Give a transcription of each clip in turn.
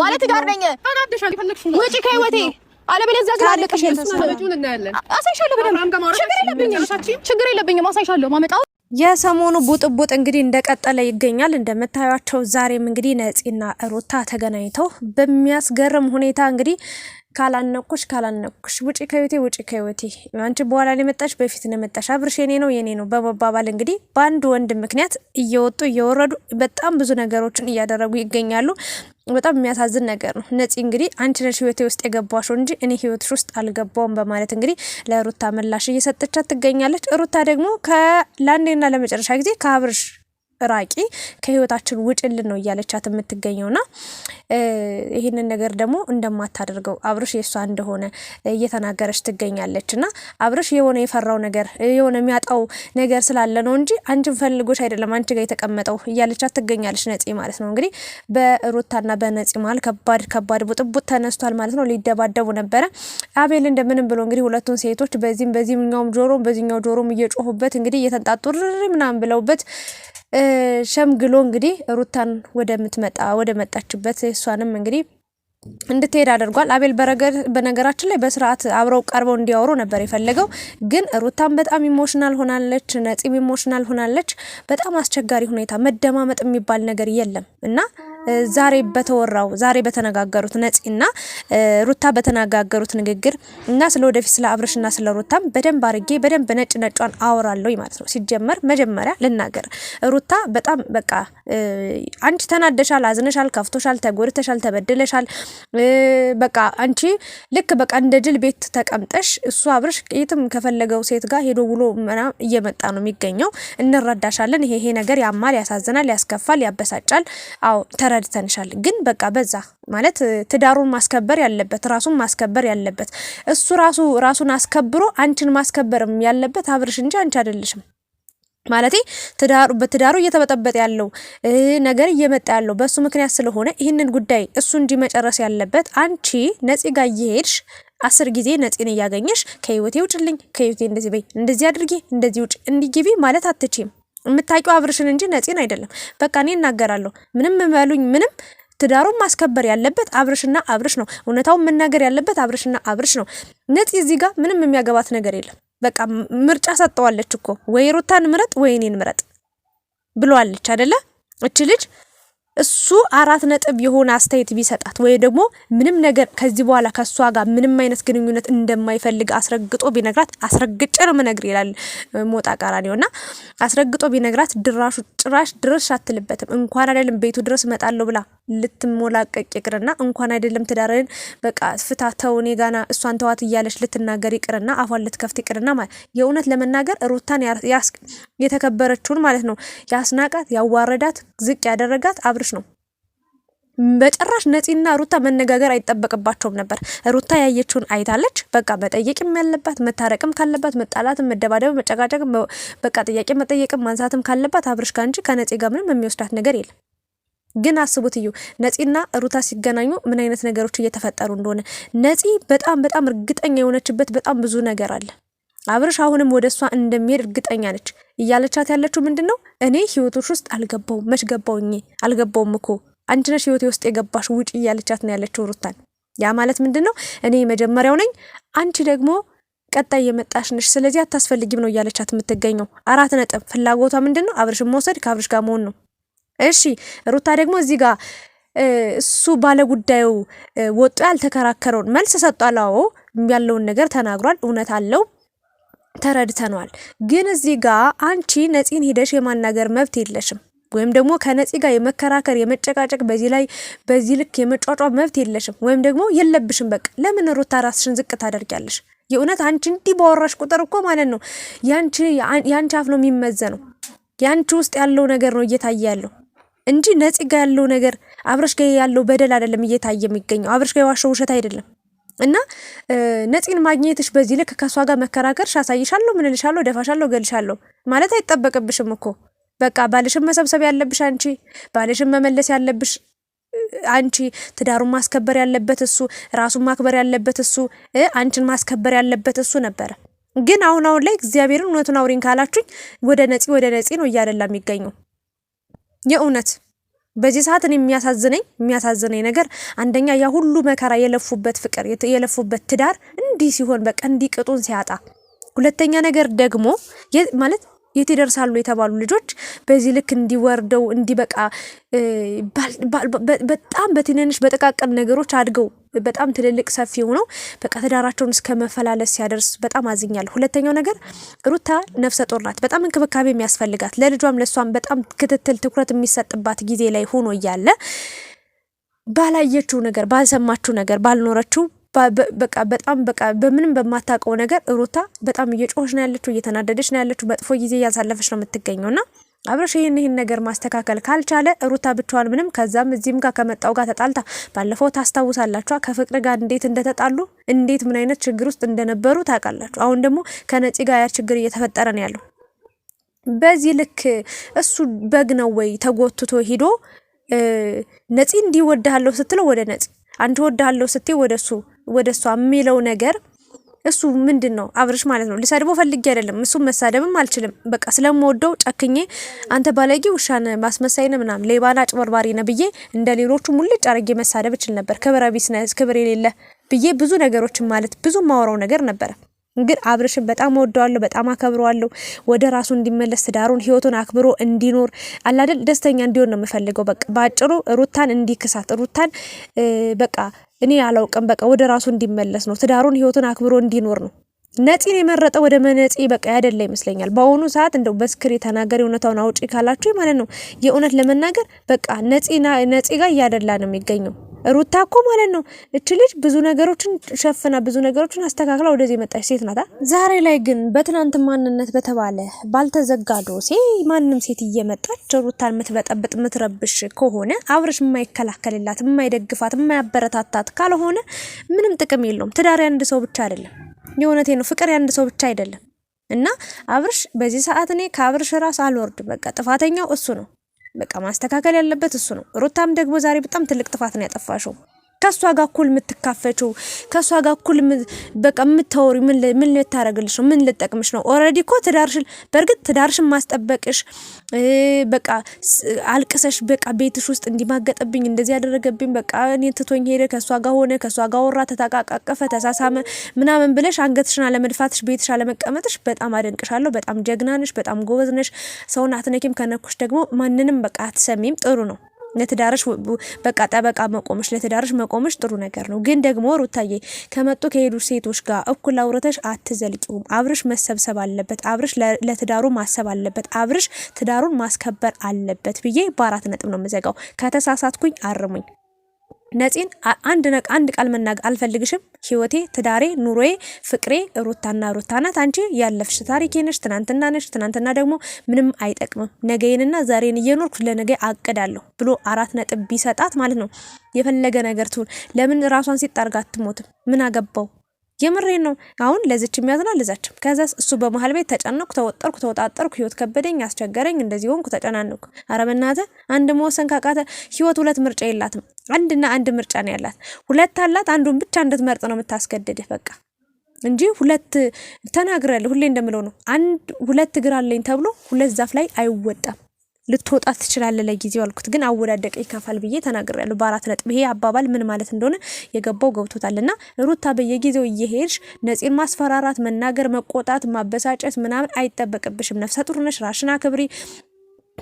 ባለ ትዳር ነኝ። ውጪ ከህይወቴ አለበለዚያ ግን አለቀሽኝ። ችግር የለብኝም። አሳይሻለሁ ማመጣው የሰሞኑ ቡጥቡጥ እንግዲህ እንደቀጠለ ይገኛል። እንደምታዩቸው ዛሬም እንግዲህ ነፂና ሩታ ተገናኝተው በሚያስገርም ሁኔታ እንግዲህ ካላነኩሽ ካላነኩሽ ውጪ ከህይወቴ ውጪ ከህይወቴ አንቺ በኋላ ላይ በፊት ነው መጣሽ አብርሽ የኔ ነው የኔ ነው በመባባል እንግዲህ በአንድ ወንድ ምክንያት እየወጡ እየወረዱ በጣም ብዙ ነገሮችን እያደረጉ ይገኛሉ። በጣም የሚያሳዝን ነገር ነው። ነፂ እንግዲህ አንቺ ነሽ ህይወቴ ውስጥ የገባሽው እንጂ እኔ ህይወትሽ ውስጥ አልገባውም በማለት እንግዲህ ለሩታ ምላሽ እየሰጠቻት ትገኛለች። ሩታ ደግሞ ከላንዴና ለመጨረሻ ጊዜ ከአብርሽ ራቂ ከህይወታችን ውጭልን ነው እያለቻት የምትገኘውና ይህንን ነገር ደግሞ እንደማታደርገው አብርሽ የእሷ እንደሆነ እየተናገረች ትገኛለች። እና አብርሽ የሆነ የፈራው ነገር የሆነ የሚያጣው ነገር ስላለ ነው እንጂ አንቺን ፈልጎች አይደለም አንቺ ጋር የተቀመጠው እያለቻት ትገኛለች። ነፂ ማለት ነው እንግዲህ በሩታና በነፂ መሀል ከባድ ከባድ ቡጥቡጥ ተነስቷል ማለት ነው። ሊደባደቡ ነበረ። አቤል እንደምንም ብሎ እንግዲህ ሁለቱን ሴቶች በዚህም በዚህኛውም ጆሮ በዚህኛው ጆሮም እየጮሁበት እንግዲህ እየተንጣጡ ምናምን ብለውበት ሸምግሎ እንግዲህ ሩታን ወደምትመጣ ወደ መጣችበት እሷንም እንግዲህ እንድትሄድ አድርጓል። አቤል በነገራችን ላይ በስርዓት አብረው ቀርበው እንዲያወሩ ነበር የፈለገው፣ ግን ሩታን በጣም ኢሞሽናል ሆናለች፣ ነፂም ኢሞሽናል ሆናለች። በጣም አስቸጋሪ ሁኔታ መደማመጥ የሚባል ነገር የለም እና ዛሬ በተወራው ዛሬ በተነጋገሩት ነፂና ሩታ በተነጋገሩት ንግግር እና ስለ ወደፊት ስለ አብርሽና ስለ ሩታም በደንብ አርጌ በደንብ ነጭ ነጯን አወራለሁ ማለት ነው። ሲጀመር መጀመሪያ ልናገር፣ ሩታ በጣም በቃ አንቺ ተናደሻል፣ አዝነሻል፣ ከፍቶሻል፣ ተጎድተሻል፣ ተበድለሻል። በቃ አንቺ ልክ በቃ እንደ ጅል ቤት ተቀምጠሽ እሱ አብርሽ የትም ከፈለገው ሴት ጋር ሄዶ ውሎ ምናምን እየመጣ ነው የሚገኘው። እንረዳሻለን። ይሄ ይሄ ነገር ያማል፣ ያሳዝናል፣ ያስከፋል፣ ያበሳጫል። አዎ ተረድተንሻል። ግን በቃ በዛ ማለት ትዳሩን ማስከበር ያለበት ራሱን ማስከበር ያለበት እሱ ራሱ ራሱን አስከብሮ አንቺን ማስከበርም ያለበት አብርሽ እንጂ አንቺ አይደለሽም። ማለት ትዳሩ በትዳሩ እየተበጠበጠ ያለው ነገር እየመጣ ያለው በሱ ምክንያት ስለሆነ ይህንን ጉዳይ እሱ እንጂ ያለበት አንቺ ነፂ ጋር እየሄድሽ አስር ጊዜ ነፂን እያገኘሽ ከህይወቴ ውጭልኝ፣ ከህይወቴ እንደዚህ በይ፣ እንደዚህ አድርጊ፣ እንደዚህ ውጭ፣ እንዲህ ማለት አትችም። የምታውቂው አብርሽን እንጂ ነፂን አይደለም። በቃ እኔ እናገራለሁ። ምንም በሉኝ ምንም ትዳሩን ማስከበር ያለበት አብርሽና አብርሽ ነው። እውነታውን መናገር ያለበት አብርሽና አብርሽ ነው። ነፂ እዚህ ጋር ምንም የሚያገባት ነገር የለም። በቃ ምርጫ ሰጠዋለች እኮ ወይ ሩታን ምረጥ ወይ እኔን ምረጥ ብለዋለች አደለ? እች ልጅ እሱ አራት ነጥብ የሆነ አስተያየት ቢሰጣት ወይ ደግሞ ምንም ነገር ከዚህ በኋላ ከእሷ ጋር ምንም አይነት ግንኙነት እንደማይፈልግ አስረግጦ ቢነግራት አስረግጬ ነው ምነግር ይላል ሞጣ ቀራኒ እና አስረግጦ ቢነግራት ድራሹ ጭራሽ ድርሽ አትልበትም። እንኳን አይደለም ቤቱ ድረስ እመጣለሁ ብላ ልትሞላቀቅ ይቅርና እንኳን አይደለም ትዳርን በቃ ፍታ እኔ ጋና እሷን ተዋት እያለች ልትናገር ይቅርና አፏን ልትከፍት ይቅርና ማለት የእውነት ለመናገር ሩታን የተከበረችውን ማለት ነው ያስናቃት፣ ያዋረዳት፣ ዝቅ ያደረጋት አብርሽ ነው። በጭራሽ ነፂና ሩታ መነጋገር አይጠበቅባቸውም ነበር። ሩታ ያየችውን አይታለች። በቃ መጠየቅም ያለባት መታረቅም ካለባት መጣላትም፣ መደባደብ፣ መጨቃጨቅም በቃ ጥያቄ መጠየቅም ማንሳትም ካለባት አብርሽ ጋር እንጂ ከነፂ ጋር ምንም የሚወስዳት ነገር የለም። ግን አስቡት እዩ ነፂና ሩታ ሲገናኙ ምን አይነት ነገሮች እየተፈጠሩ እንደሆነ ነፂ በጣም በጣም እርግጠኛ የሆነችበት በጣም ብዙ ነገር አለ። አብርሽ አሁንም ወደ እሷ እንደሚሄድ እርግጠኛ ነች። እያለቻት ያለችው ምንድን ነው? እኔ ህይወቶች ውስጥ አልገባውም። መች ገባውኝ? አልገባውም እኮ አንቺ ነሽ ህይወቴ ውስጥ የገባሽ፣ ውጪ እያለቻት ነው ያለችው ሩታን። ያ ማለት ምንድን ነው? እኔ መጀመሪያው ነኝ፣ አንቺ ደግሞ ቀጣይ የመጣሽ ነሽ፣ ስለዚህ አታስፈልጊም ነው እያለቻት የምትገኘው። አራት ነጥብ። ፍላጎቷ ምንድን ነው? አብርሽን መውሰድ፣ ከአብርሽ ጋር መሆን ነው። እሺ ሩታ ደግሞ እዚህ ጋር እሱ ባለጉዳዩ ወጦ ያልተከራከረውን መልስ ሰጧል። አዎ ያለውን ነገር ተናግሯል። እውነት አለው። ተረድተኗል። ግን እዚህ ጋር አንቺ ነፂን ሄደሽ የማናገር መብት የለሽም ወይም ደግሞ ከነፂ ጋር የመከራከር የመጨቃጨቅ በዚህ ላይ በዚህ ልክ የመጫጫ መብት የለሽም፣ ወይም ደግሞ የለብሽም። በቃ ለምን ሩታ ራስሽን ዝቅ ታደርጊያለሽ? የእውነት አንቺ እንዲህ ባወራሽ ቁጥር እኮ ማለት ነው ያንቺ አፍ ነው የሚመዘነው። ያንቺ ውስጥ ያለው ነገር ነው እየታየ ያለው። እንጂ ነፂ ጋ ያለው ነገር አብረሽ ጋ ያለው በደል አይደለም እየታየ የሚገኘው። አብረሽ ጋ የዋሸው ውሸት አይደለም። እና ነፂን ማግኘትሽ በዚህ ልክ ከእሷ ጋር መከራከርሽ አሳይሻለሁ፣ ምንልሻለሁ፣ ደፋሻለሁ፣ ገልሻለሁ ማለት አይጠበቅብሽም እኮ በቃ ባልሽን መሰብሰብ ያለብሽ አንቺ፣ ባልሽን መመለስ ያለብሽ አንቺ፣ ትዳሩን ማስከበር ያለበት እሱ፣ ራሱን ማክበር ያለበት እሱ፣ አንቺን ማስከበር ያለበት እሱ ነበረ። ግን አሁን አሁን ላይ እግዚአብሔርን እውነቱን አውሪኝ ካላችሁኝ ወደ ነፂ ወደ ነፂ ነው እያደላ የሚገኘው። የእውነት በዚህ ሰዓት እኔ የሚያሳዝነኝ የሚያሳዝነኝ ነገር አንደኛ ያ ሁሉ መከራ የለፉበት ፍቅር የለፉበት ትዳር እንዲህ ሲሆን በቃ እንዲህ ቅጡን ሲያጣ፣ ሁለተኛ ነገር ደግሞ ማለት የት ይደርሳሉ የተባሉ ልጆች በዚህ ልክ እንዲወርደው እንዲበቃ በጣም በትንንሽ በጥቃቅን ነገሮች አድገው በጣም ትልልቅ ሰፊ ሆነው በቃ ትዳራቸውን እስከ መፈላለስ ሲያደርስ በጣም አዝኛለሁ። ሁለተኛው ነገር ሩታ ነፍሰ ጡር ናት። በጣም እንክብካቤ የሚያስፈልጋት ለልጇም ለእሷም በጣም ክትትል ትኩረት የሚሰጥባት ጊዜ ላይ ሆኖ እያለ ባላየችው ነገር ባልሰማችው ነገር ባልኖረችው በቃ በጣም በቃ በምንም በማታውቀው ነገር ሩታ በጣም እየጮኸች ነው ያለችው፣ እየተናደደች ነው ያለችው፣ መጥፎ ጊዜ እያሳለፈች ነው የምትገኘው ና አብረሽ ይህን ይህን ነገር ማስተካከል ካልቻለ ሩታ ብቻዋን ምንም ከዛም እዚህም ጋር ከመጣው ጋር ተጣልታ ባለፈው ታስታውሳላችኋ። ከፍቅር ጋር እንዴት እንደተጣሉ እንዴት ምን አይነት ችግር ውስጥ እንደነበሩ ታውቃላችሁ። አሁን ደግሞ ከነፂ ጋር ያ ችግር እየተፈጠረ ነው ያለው። በዚህ ልክ እሱ በግ ነው ወይ ተጎትቶ ሂዶ ነፂ እንዲህ ወድሃለሁ ስትለው ወደ ነፂ አንቺ ወድሃለሁ ስትይ ወደ እሱ ወደ እሷ የሚለው ነገር እሱ ምንድን ነው አብርሽ ማለት ነው። ልሰድቦ ፈልጌ አይደለም፣ እሱ መሳደብም አልችልም። በቃ ስለምወደው ጨክኜ አንተ ባለጌ ማስመሳይ ማስመሳይነ፣ ምናምን ሌባና ጭበርባሪ ነ ብዬ እንደ ሌሎቹ ሙልጭ አርጌ መሳደብ እችል ነበር። ክብረ ቢስ ነህ፣ ክብር የሌለ ብዬ ብዙ ነገሮችን ማለት ብዙ ማወራው ነገር ነበረ። ግን አብርሽን በጣም ወደዋለሁ፣ በጣም አከብረዋለሁ። ወደ ራሱ እንዲመለስ ትዳሩን፣ ህይወቱን አክብሮ እንዲኖር አላደል ደስተኛ እንዲሆን ነው የምፈልገው። በቃ በአጭሩ ሩታን እንዲክሳት ሩታን በቃ እኔ አላውቅም። በቃ ወደ ራሱ እንዲመለስ ነው፣ ትዳሩን ህይወቱን አክብሮ እንዲኖር ነው። ነፂን የመረጠ ወደ መነፂ በቃ ያደላ ይመስለኛል። በአሁኑ ሰዓት እንደው በስክሪ ተናገር እውነታውን አውጪ ካላችሁ ማለት ነው። የእውነት ለመናገር በቃ ነፂ ጋር እያደላ ነው የሚገኘው። ሩታ እኮ ማለት ነው እች ልጅ ብዙ ነገሮችን ሸፍና ብዙ ነገሮችን አስተካክላ ወደዚህ የመጣች ሴት ናታ። ዛሬ ላይ ግን በትናንት ማንነት በተባለ ባልተዘጋ ዶሴ ማንም ሴት እየመጣች ሩታን የምትበጠብጥ የምትረብሽ ከሆነ አብርሽ የማይከላከልላት የማይደግፋት፣ የማያበረታታት ካልሆነ ምንም ጥቅም የለውም። ትዳር ያንድ ሰው ብቻ አይደለም። የእውነቴ ነው። ፍቅር ያንድ ሰው ብቻ አይደለም። እና አብርሽ በዚህ ሰዓት እኔ ከአብርሽ ራስ አልወርድ። በቃ ጥፋተኛው እሱ ነው። በቃ ማስተካከል ያለበት እሱ ነው። ሩታም ደግሞ ዛሬ በጣም ትልቅ ጥፋት ነው ያጠፋሽው። ከእሷ ጋር እኩል የምትካፈችው ከእሷ ጋር እኩል በቃ የምታወሪ ምን ምን ልታረግልሽ ነው? ምን ልጠቅምሽ ነው? ኦልሬዲ እኮ ትዳርሽን በእርግጥ ትዳርሽን ማስጠበቅሽ በቃ አልቅሰሽ በቃ ቤትሽ ውስጥ እንዲማገጠብኝ እንደዚህ ያደረገብኝ በቃ እኔ ትቶኝ ሄደ፣ ከእሷ ጋር ሆነ፣ ከእሷ ጋር ወራ፣ ተታቃቀፈ፣ ተሳሳመ ምናምን ብለሽ አንገትሽን አለመድፋትሽ፣ ቤትሽ አለመቀመጥሽ በጣም አደንቅሻለሁ። በጣም ጀግና በጣም ጎበዝነሽ። ነሽ። ሰውን አትነኪም፣ ከነኩሽ ደግሞ ማንንም በቃ አትሰሚም። ጥሩ ነው። ለትዳርሽ በቃ ጠበቃ መቆምሽ ለትዳርሽ መቆምሽ ጥሩ ነገር ነው። ግን ደግሞ ሩታዬ ከመጡ ከሄዱ ሴቶች ጋር እኩል አውረተሽ አትዘልቂውም። አብርሽ መሰብሰብ አለበት። አብርሽ ለትዳሩ ማሰብ አለበት። አብርሽ ትዳሩን ማስከበር አለበት ብዬ በአራት ነጥብ ነው የምዘጋው። ከተሳሳትኩኝ አርሙኝ። ነፂን አንድ አንድ ቃል መናገር አልፈልግሽም። ህይወቴ፣ ትዳሬ፣ ኑሮዬ፣ ፍቅሬ ሩታና ሩታ ናት። አንቺ ያለፍሽ ታሪኬ ነሽ፣ ትናንትና ነሽ። ትናንትና ደግሞ ምንም አይጠቅምም። ነገዬንና ዛሬን እየኖርኩ ለነገ አቅዳለሁ ብሎ አራት ነጥብ ቢሰጣት ማለት ነው የፈለገ ነገር ትሁን፣ ለምን ራሷን ሲጣርጋ አትሞትም? ምን አገባው? የምሬን ነው። አሁን ለዚች የሚያዝና ለዛችም ከዛስ እሱ በመሀል ቤት ተጨነኩ፣ ተወጠርኩ፣ ተወጣጠርኩ፣ ህይወት ከበደኝ፣ አስቸገረኝ፣ እንደዚህ ሆንኩ፣ ተጨናነኩ። አረ በእናትህ አንድ መወሰን ካቃተ ህይወት ሁለት ምርጫ የላትም። አንድና አንድ ምርጫ ነው ያላት። ሁለት አላት፣ አንዱን ብቻ እንድትመርጥ ነው የምታስገድድ በቃ እንጂ ሁለት ተናግረል። ሁሌ እንደምለው ነው። አንድ ሁለት እግር አለኝ ተብሎ ሁለት ዛፍ ላይ አይወጣም። ልትወጣ ትችላለ ለጊዜው አልኩት። ግን አወዳደቀ ይከፋል ብዬ ተናግሬያለሁ በአራት ነጥብ። ይሄ አባባል ምን ማለት እንደሆነ የገባው ገብቶታል። እና ሩታ በየጊዜው እየሄድሽ ነፂን ማስፈራራት፣ መናገር፣ መቆጣት፣ ማበሳጨት ምናምን አይጠበቅብሽም። ነፍሰ ጡርነሽ ነሽ። ራሽን አክብሪ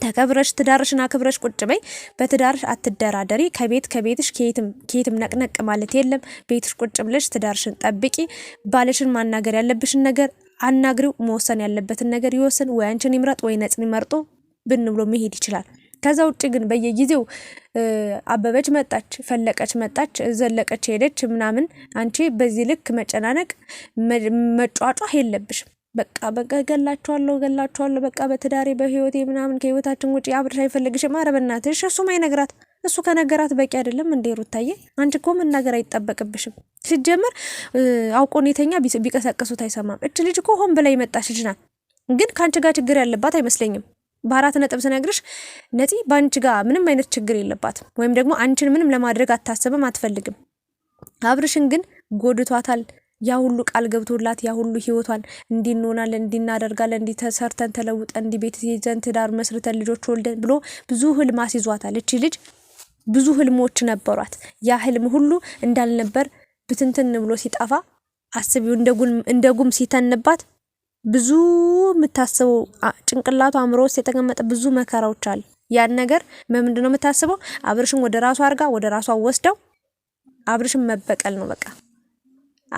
ተከብረሽ ትዳርሽን አክብረሽ ቁጭ በይ። በትዳርሽ አትደራደሪ። ከቤት ከቤትሽ ከየትም ነቅነቅ ማለት የለም። ቤትሽ ቁጭ ብለሽ ትዳርሽን ጠብቂ። ባለሽን ማናገር ያለብሽን ነገር አናግሪው። መወሰን ያለበትን ነገር ይወስን። ወይ አንቺን ይምረጥ ወይ ነፂን ይመርጦ ብን ብሎ መሄድ ይችላል። ከዛ ውጭ ግን በየጊዜው አበበች መጣች፣ ፈለቀች መጣች፣ ዘለቀች ሄደች ምናምን አንቺ በዚህ ልክ መጨናነቅ መጫጫህ የለብሽም። በቃ በቃ ገላችኋለሁ ገላችኋለሁ በቃ በትዳሬ በህይወቴ ምናምን ከህይወታችን ውጭ አብርሽ አይፈልግሽም። ኧረ በእናትሽ እሱም አይነግራት። እሱ ከነገራት በቂ አይደለም እንዴ ሩታዬ? አንቺ እኮ መናገር አይጠበቅብሽም። ሲጀመር አውቆ የተኛ ቢቀሰቅሱት አይሰማም። እች ልጅ እኮ ሆን ብላ የመጣች ልጅ ናት። ግን ከአንቺ ጋር ችግር ያለባት አይመስለኝም። በአራት ነጥብ ስነግርሽ ነፂ በአንቺ ጋር ምንም አይነት ችግር የለባትም፣ ወይም ደግሞ አንቺን ምንም ለማድረግ አታስብም፣ አትፈልግም። አብርሽን ግን ጎድቷታል። ያ ሁሉ ቃል ገብቶላት ያ ሁሉ ህይወቷን እንዲህ እንሆናለን እንዲህ እናደርጋለን እንዲህ ተሰርተን ተለውጠን እንዲህ ቤት ይዘን ትዳር መስርተን ልጆች ወልደን ብሎ ብዙ ህልም አስይዟታል። እቺ ልጅ ብዙ ህልሞች ነበሯት። ያ ህልም ሁሉ እንዳልነበር ብትንትን ብሎ ሲጠፋ አስቢው፣ እንደ ጉም ሲተንባት ብዙ የምታስበው ጭንቅላቱ አእምሮ ውስጥ የተቀመጠ ብዙ መከራዎች አሉ። ያን ነገር በምንድን ነው የምታስበው? አብርሽን ወደ ራሷ አድርጋ ወደ ራሷ ወስደው አብርሽን መበቀል ነው በቃ።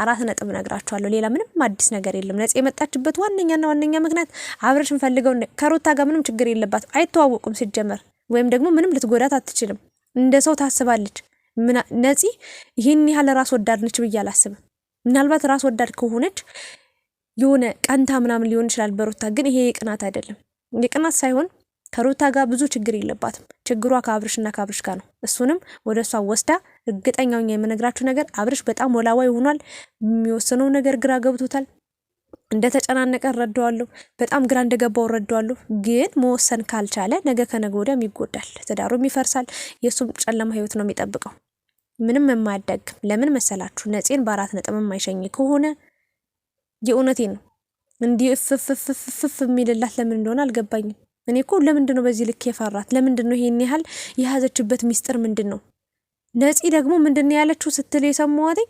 አራት ነጥብ ነግራችኋለሁ። ሌላ ምንም አዲስ ነገር የለም። ነጽ የመጣችበት ዋነኛና ዋነኛ ምክንያት አብርሽን ፈልገው ከሩታ ጋር ምንም ችግር የለባት፣ አይተዋወቁም ሲጀመር ወይም ደግሞ ምንም ልትጎዳት አትችልም። እንደ ሰው ታስባለች። ነፂ ይህን ያህል ራስ ወዳድ ነች ብዬ አላስብም። ምናልባት ራስ ወዳድ ከሆነች የሆነ ቀንታ ምናምን ሊሆን ይችላል በሩታ ግን ይሄ የቅናት አይደለም። የቅናት ሳይሆን ከሩታ ጋር ብዙ ችግር የለባትም። ችግሯ ከአብርሽና ከአብርሽ ጋር ነው። እሱንም ወደ እሷ ወስዳ እርግጠኛው የምነግራችሁ ነገር አብርሽ በጣም ወላዋይ ሆኗል። የሚወስነው ነገር ግራ ገብቶታል። እንደተጨናነቀ እረዳዋለሁ። በጣም ግራ እንደገባው እረዳዋለሁ። ግን መወሰን ካልቻለ ነገ ከነገ ወዲያም ይጎዳል፣ ትዳሩም ይፈርሳል። የእሱም ጨለማ ህይወት ነው የሚጠብቀው። ምንም የማያዳግም ለምን መሰላችሁ? ነፄን በአራት ነጥብ የማይሸኝ ከሆነ የእውነቴ ነው። እንዲህ እፍፍፍፍፍ የሚልላት ለምን እንደሆነ አልገባኝም። እኔ እኮ ለምንድን ነው በዚህ ልክ የፈራት? ለምንድን ነው ይሄን ያህል የያዘችበት ሚስጥር ምንድን ነው? ነፂ ደግሞ ምንድን ነው ያለችው ስትል የሰማዋትኝ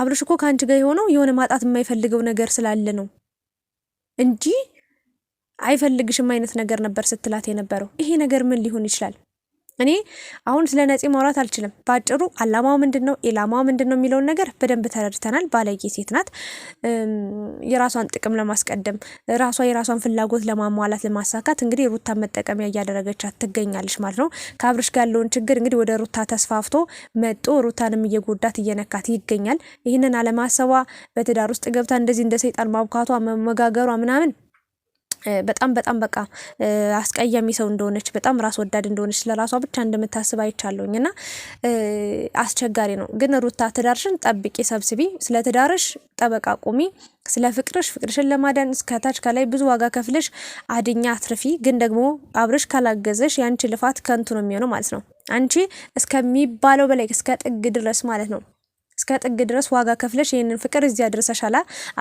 አብርሽ እኮ ከአንቺ ጋር የሆነው የሆነ ማጣት የማይፈልገው ነገር ስላለ ነው እንጂ አይፈልግሽም አይነት ነገር ነበር ስትላት የነበረው። ይሄ ነገር ምን ሊሆን ይችላል? እኔ አሁን ስለ ነፂ ማውራት አልችልም። በአጭሩ አላማው ምንድን ነው፣ ኢላማው ምንድን ነው የሚለውን ነገር በደንብ ተረድተናል። ባለጌ ሴት ናት። የራሷን ጥቅም ለማስቀደም ራሷ የራሷን ፍላጎት ለማሟላት ለማሳካት እንግዲህ ሩታ መጠቀሚያ እያደረገቻት ትገኛለች ማለት ነው። ከአብርሽ ጋር ያለውን ችግር እንግዲህ ወደ ሩታ ተስፋፍቶ መጦ ሩታንም እየጎዳት እየነካት ይገኛል። ይህንን አለማሰቧ በትዳር ውስጥ ገብታ እንደዚህ እንደ ሰይጣን ማብካቷ መመጋገሯ ምናምን በጣም በጣም በቃ አስቀያሚ ሰው እንደሆነች በጣም ራስ ወዳድ እንደሆነች ለራሷ ብቻ እንደምታስብ አይቻለሁኝ እና አስቸጋሪ ነው። ግን ሩታ ትዳርሽን ጠብቂ፣ ሰብስቢ፣ ስለ ትዳርሽ ጠበቃ ቁሚ፣ ስለ ፍቅርሽ ፍቅርሽን ለማዳን እስከታች ከላይ ብዙ ዋጋ ከፍለሽ አድኛ አትርፊ። ግን ደግሞ አብርሽ ካላገዘሽ የአንቺ ልፋት ከንቱ ነው የሚሆነው ማለት ነው። አንቺ እስከሚባለው በላይ እስከ ጥግ ድረስ ማለት ነው እስከ ጥግ ድረስ ዋጋ ከፍለሽ ይህንን ፍቅር እዚህ አድርሰሻል።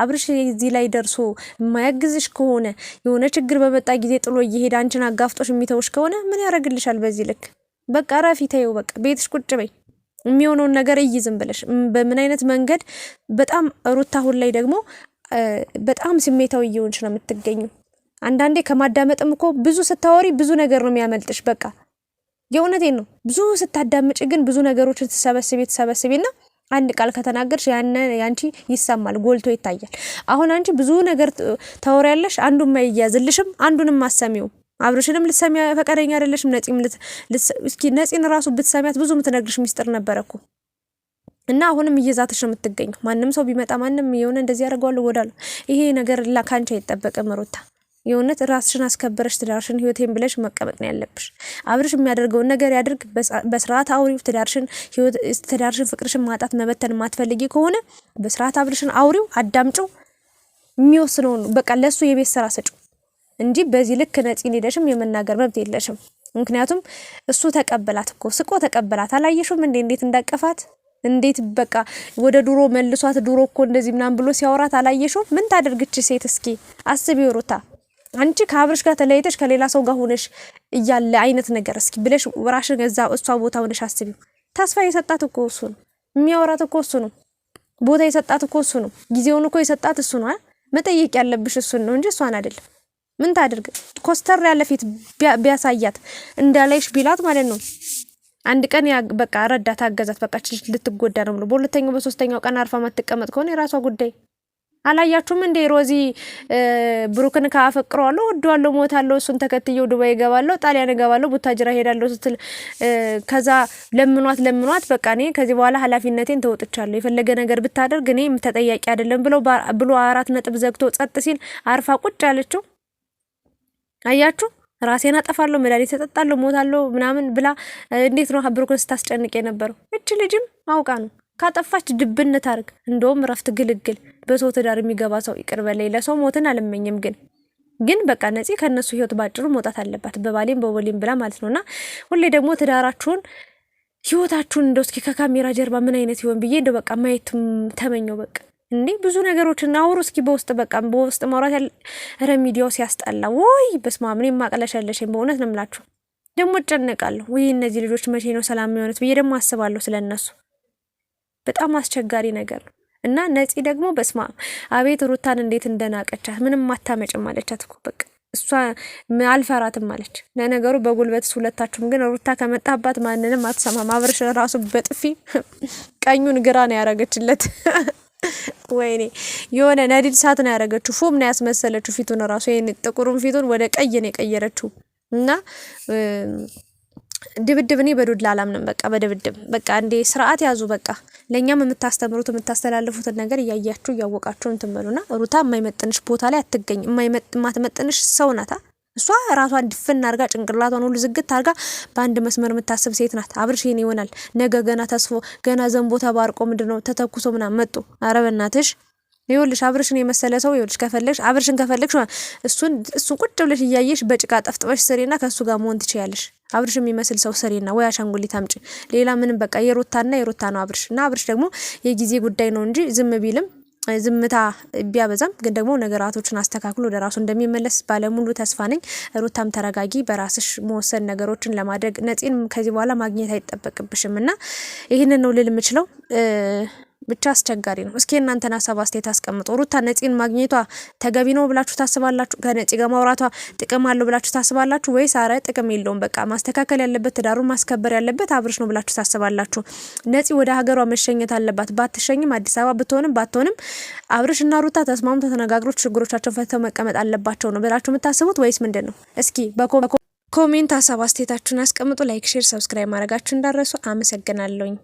አብርሽ እዚህ ላይ ደርሶ የማያግዝሽ ከሆነ የሆነ ችግር በመጣ ጊዜ ጥሎ እየሄደ አንቺን አጋፍጦሽ የሚተውሽ ከሆነ ምን ያደርግልሻል? በዚህ ልክ በቃ ረፊ ተይው፣ በቃ ቤትሽ ቁጭ በይ፣ የሚሆነውን ነገር እይ ብለሽ። በምን አይነት መንገድ በጣም ሩታ፣ አሁን ላይ ደግሞ በጣም ስሜታዊ እየሆንሽ ነው የምትገኙ። አንዳንዴ ከማዳመጥም እኮ ብዙ ስታወሪ ብዙ ነገር ነው የሚያመልጥሽ። በቃ የእውነቴን ነው። ብዙ ስታዳምጭ ግን ብዙ ነገሮችን ትሰበስቤ ትሰበስቤና አንድ ቃል ከተናገርሽ ያነ ያንቺ ይሰማል፣ ጎልቶ ይታያል። አሁን አንቺ ብዙ ነገር ታወሪያለሽ፣ አንዱም አይያዝልሽም፣ አንዱንም አሰሚውም። አብርሽንም ልትሰሚያ ፈቃደኛ አይደለሽም። ነፂም እስኪ ነፂን ራሱ ብትሰሚያት ብዙ የምትነግርሽ ሚስጥር ነበረ እኮ እና አሁንም እየዛተሽ ነው የምትገኘው። ማንም ሰው ቢመጣ ማንም የሆነ እንደዚህ ያደርገዋለሁ ወዳሉ ይሄ ነገር ላ ካንቺ አይጠበቅም ሩታ የእውነት ራስሽን አስከበረሽ ትዳርሽን ህይወቴን ብለሽ መቀመጥ ነው ያለብሽ። አብርሽ የሚያደርገውን ነገር ያድርግ፣ በስርዓት አውሪው። ትዳርሽን ትዳርሽን ፍቅርሽን ማጣት መበተን የማትፈልጊ ከሆነ በስርዓት አብርሽን አውሪው፣ አዳምጪው። የሚወስነውን በቃ ለሱ የቤት ስራ ሰጪው እንጂ በዚህ ልክ ነፂ ሄደሽም የመናገር መብት የለሽም። ምክንያቱም እሱ ተቀበላት እኮ ስቆ ተቀበላት። አላየሽም እንዴ እንዴት እንዳቀፋት እንዴት በቃ ወደ ድሮ መልሷት። ድሮ እኮ እንደዚህ ምናምን ብሎ ሲያወራት አላየሽም? ምን ታደርግች ሴት እስኪ አስቢ ሩታ አንቺ ከአብርሽ ጋር ተለያይተሽ ከሌላ ሰው ጋር ሆነሽ እያለ አይነት ነገር እስኪ ብለሽ ራሽ እዛ እሷ ቦታ ሆነሽ አስቢ ተስፋ የሰጣት እኮ እሱ ነው። የሚያወራት እኮ እሱ ነው። ቦታ የሰጣት እኮ እሱ ነው። ጊዜውን እኮ የሰጣት እሱ ነው። መጠየቅ ያለብሽ እሱን ነው እንጂ እሷን አይደለም። ምን ታድርግ? ኮስተር ያለ ፊት ቢያሳያት እንዳላይሽ ቢላት ማለት ነው። አንድ ቀን በቃ ረዳት አገዛት፣ በቃ ልትጎዳ ነው ብሎ በሁለተኛው በሶስተኛው ቀን አርፋ ማትቀመጥ ከሆነ የራሷ ጉዳይ አላያችሁም እንዴ? ሮዚ ብሩክን ካፈቅረዋለሁ፣ ወደዋለሁ፣ ሞታለሁ፣ እሱን ተከትየው ዱባይ እገባለሁ፣ ጣሊያን እገባለሁ፣ ቡታጅራ ሄዳለሁ ስትል ከዛ ለምኗት ለምኗት በቃ እኔ ከዚህ በኋላ ኃላፊነቴን ተወጥቻለሁ፣ የፈለገ ነገር ብታደርግ እኔ ተጠያቂ አይደለም ብለው ብሎ አራት ነጥብ ዘግቶ ጸጥ ሲል አርፋ ቁጭ አለችው አያችሁ። ራሴን አጠፋለሁ፣ መድኃኒት ተጠጣለሁ፣ ሞታለሁ ምናምን ብላ እንዴት ነው ብሩክን ስታስጨንቅ የነበረው? እች ልጅም አውቃ ነው ካጠፋች ድብን ታርግ። እንደውም ረፍት ግልግል። በሰው ትዳር የሚገባ ሰው ይቅር በላይ። ለሰው ሞትን አልመኝም ግን ግን በቃ ነፂ ከእነሱ ህይወት ባጭሩ መውጣት አለባት፣ በባሌም በቦሌም ብላ ማለት ነው። እና ሁሌ ደግሞ ትዳራችሁን ህይወታችሁን እንደው እስኪ ከካሜራ ጀርባ ምን አይነት ይሆን ብዬ እንደው በቃ ማየት ተመኘው። በቃ እንዴ ብዙ ነገሮችን አውሩ እስኪ በውስጥ በቃ በውስጥ ማውራት ያለ ረሚዲያው ሲያስጠላ ወይ በስመ አብ። ማቅለሸለሸኝ በእውነት ነው የምላችሁ። ደግሞ እጨነቃለሁ ወይ እነዚህ ልጆች መቼ ነው ሰላም የሆነት ብዬ ደግሞ አስባለሁ ስለነሱ በጣም አስቸጋሪ ነገር ነው። እና ነፂ ደግሞ በስማ አቤት ሩታን እንዴት እንደናቀቻት ምንም አታመጭም አለቻት እኮ በቃ እሷ አልፈራትም አለች። ለነገሩ በጉልበት ሁለታችሁም ግን ሩታ ከመጣባት ማንንም አትሰማም። አብርሽ ራሱ በጥፊ ቀኙን ግራ ነው ያረገችለት። ወይኔ የሆነ ነዲድ ሳት ነው ያረገችው። ፉም ነው ያስመሰለችው ፊቱን ራሱ ይህን ጥቁሩን ፊቱን ወደ ቀይ ነው የቀየረችው እና ድብድብ እኔ በዱላ አላምንም። በቃ በድብድብ በቃ እንዴ ስርዓት ያዙ። በቃ ለእኛም የምታስተምሩት የምታስተላልፉትን ነገር እያያችሁ እያወቃችሁ እንትን በሉና፣ ሩታ የማይመጥንሽ ቦታ ላይ አትገኝ። የማትመጥንሽ ሰው ናታ እሷ። ራሷን ድፍን አርጋ ጭንቅላቷን ሁሉ ዝግት አርጋ በአንድ መስመር የምታስብ ሴት ናት። አብርሽ ይሆናል ነገ ገና ተስፎ ገና ዘንቦ ተባርቆ ምንድነው ተተኩሶ ምናምን መጡ። አረ በናትሽ ይኸውልሽ አብርሽን የመሰለ ሰው ይኸውልሽ፣ ከፈለግሽ አብርሽን ከፈለግሽ እሱን እሱን ቁጭ ብለሽ እያየሽ በጭቃ ጠፍጥበሽ ስሬና ከእሱ ጋር መሆን ትችያለሽ። አብርሽ የሚመስል ሰው ስሬና ወይ አሻንጉሊት አምጪ። ሌላ ምንም በቃ የሮታና የሮታ ነው አብርሽ እና አብርሽ ደግሞ የጊዜ ጉዳይ ነው እንጂ ዝም ቢልም ዝምታ ቢያበዛም ግን ደግሞ ነገራቶችን አስተካክሎ ወደ ራሱ እንደሚመለስ ባለሙሉ ተስፋ ነኝ። ሩታም ተረጋጊ፣ በራስሽ መወሰን ነገሮችን ለማድረግ ነፂን ከዚህ በኋላ ማግኘት አይጠበቅብሽም እና ይህንን ነው ልል የምችለው። ብቻ አስቸጋሪ ነው። እስኪ እናንተን ሀሳብ አስተያየት አስቀምጡ። ሩታ ነፂን ማግኘቷ ተገቢ ነው ብላችሁ ታስባላችሁ? ከነፂ ጋር ማውራቷ ጥቅም አለው ብላችሁ ታስባላችሁ? ወይስ አረ ጥቅም የለውም በቃ ማስተካከል ያለበት ትዳሩን ማስከበር ያለበት አብርሽ ነው ብላችሁ ታስባላችሁ? ነፂ ወደ ሀገሯ መሸኘት አለባት። ባትሸኝም አዲስ አበባ ብትሆንም ባትሆንም አብርሽ እና ሩታ ተስማሙ ተነጋግሮ ችግሮቻቸውን ፈተው መቀመጥ አለባቸው ነው ብላችሁ የምታስቡት ወይስ ምንድን ነው? እስኪ በኮሜንት ሀሳብ አስተያየታችሁን አስቀምጡ። ላይክ፣ ሼር፣ ሰብስክራይብ ማድረጋችሁ እንዳረሱ አመሰግናለሁኝ።